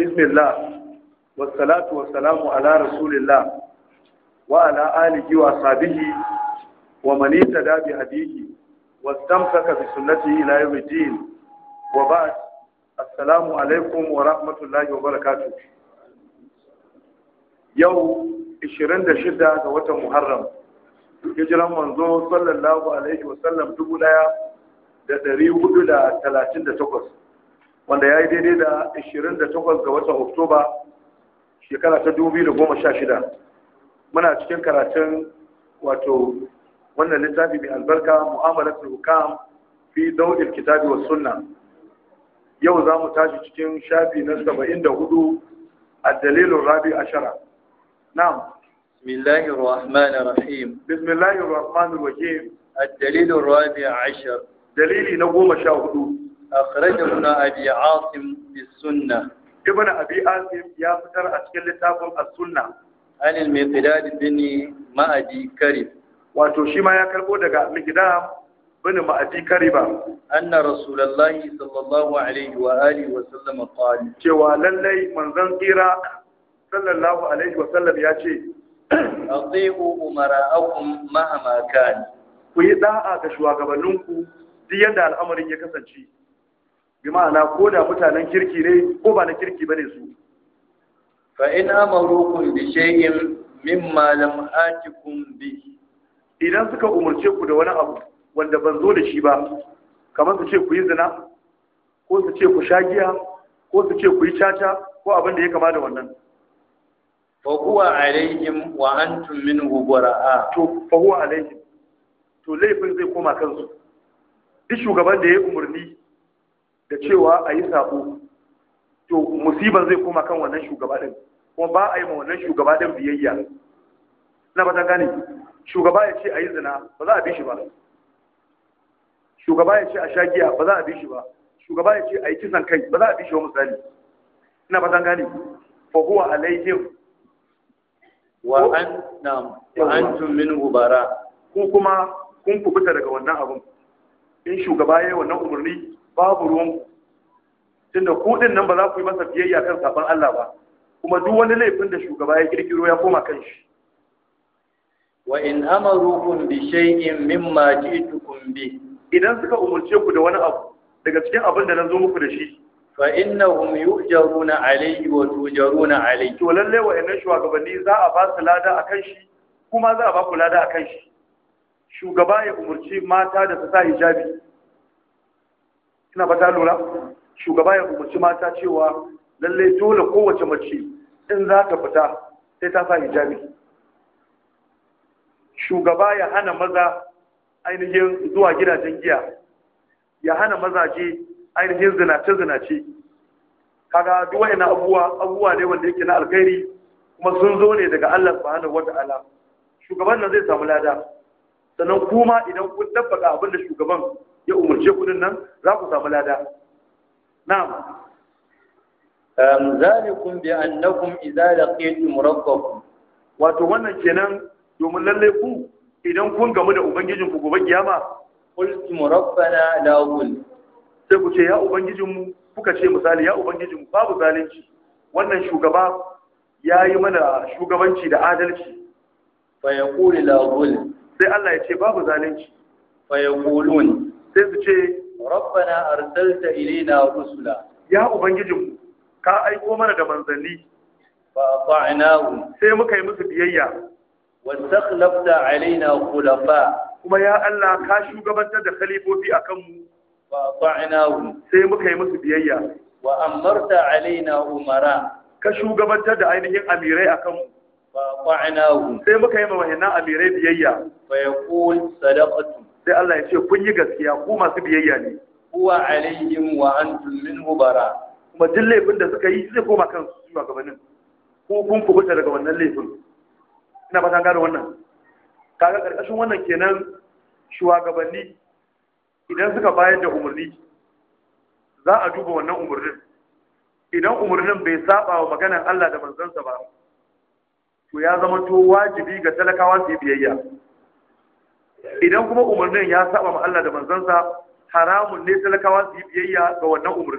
bismillah wassalatu wassalamu ala rasulillah wa ala alihi wa ashabihi wa man ittaba bi hadihi wastamsaka bi sunnatihi ila yawm al-din wa ba'd assalamu alaikum wa rahmatullahi wa yau 26 ga watan muharram hijiran manzo sallallahu alaihi wa sallam dubu daya da dari hudu da talatin da takwas wanda ya yi daidai da 28 ga watan oktoba shekara ta 2016 muna cikin karatun wato wannan littafi mai albarka mu'amalat hukam fi daudil kitabi wa sunna yau za mu tashi cikin shafi na 74 a dalilin rabi ashara na'am bismillahir rahmanir rahim bismillahir rahmanir rahim الدليل الرابع عشر دليلي نقوم شاهدوه أخرجه ابن أبي عاصم بالسنة ابن أبي عاصم يا فتر أشكال لتابهم السنة عن المقداد بن مأدي كريم وتوشيما يا كربو دقاء مقدام بن مأدي كريبا أن رسول الله صلى الله عليه وآله وسلم قال جوا للي من ذنقيرا صلى الله عليه وسلم يا شيء أطيعوا أمراءكم مهما كان ku yi da'a ga shugabanninku duk yadda al'amarin ya kasance bi ma'ana ko da mutanen kirki ne ko ba na kirki bane su fa in amarukum bi shay'in mimma lam atikum bi idan suka umurce ku da wani abu wanda ban zo da shi ba kamar su ce ku yi zina ko su ce ku sha giya ko su ce ku yi caca ko abin da ya kama da wannan fa huwa alaihim wa antum minhu bara'a to fa huwa alaihim to laifin zai koma kansu duk shugaban da ya umurni da cewa a yi sabo to musibar zai koma kan wannan shugaba ɗin kuma ba a yi ma wannan shugaba ɗin biyayya na ba ta gane shugaba ya ce a yi zina ba za a bi shi ba shugaba ya ce a sha giya ba za a bi shi ba shugaba ya ce a yi kisan kai ba za a bi shi ba misali ina ba ta gane fa huwa alaihim wa an wa antum min bara ku kuma kun kubuta daga wannan abun in shugaba ya yi wannan umarni babu ruwanku tunda kuɗin nan ba za ku yi masa biyayya kan saban Allah ba kuma duk wani laifin da shugaba ya kirkiro ya koma kan shi wa in amarukum bi shay'in mimma ji'tukum bi idan suka umurce ku da wani abu daga cikin abin da na zo muku da shi fa innahum yujaruna alayhi wa tujaruna alayhi to lalle wa innan shugabanni za a ba su lada akan shi kuma za a ba ku lada akan shi shugaba ya umurci mata da su sa hijabi ina ba ta lura shugaba ya umarci mata cewa lalle dole kowace mace in za ta fita sai ta sa hijabi shugaba ya hana maza ainihin zuwa gidajen giya ya hana mazaje ainihin zinace-zinace kaga duk na abubuwa abubuwa ne wanda yake na alkhairi kuma sun zo ne daga Allah subhanahu wata'ala shugaban nan zai samu lada sannan kuma idan kun tabbata abin da shugaban je kudin nan za ku samu lada na'am zalikum bi annakum idza laqitum rabbakum wato wannan kenan domin lalle ku idan kun gamu da ubangijin ku gobe kiyama qultum rabbana la qul sai ku ce ya ubangijin mu kuka ce misali ya ubangijin mu babu zalunci wannan shugaba yayi mana shugabanci da adalci fa yaqulu la qul sai Allah ya ce babu zalunci fa yaqulun sai su ce rabbana arsalta ilaina rusula ya ubangijinmu ka aiko mana da manzanni fa ata'nahu sai muka yi musu biyayya wa takhlafta alaina khulafa kuma ya Allah ka shugabantar da khalifofi akan mu fa ata'nahu sai muka yi musu biyayya wa amarta alaina umara ka shugabantar da ainihin amirai akan mu fa ata'nahu sai muka yi ma amirai biyayya fa yaqul sadaqatu sai Allah ya ce kun yi gaskiya ku masu biyayya ne huwa alaihim wa antum minhu bara kuma duk laifin da suka yi zai koma kansu zuwa gabanin ko kun kubuta daga wannan laifin ina fatan gado wannan kaga karkashin wannan kenan shugabanni idan suka bayar da umarni za a duba wannan umarnin idan umarnin bai saba wa maganar Allah da manzansa ba to ya zama to wajibi ga talakawa su yi biyayya idan kuma umarnin ya saba ma Allah da manzansa haramun ne talakawa su yi biyayya ga wannan umarni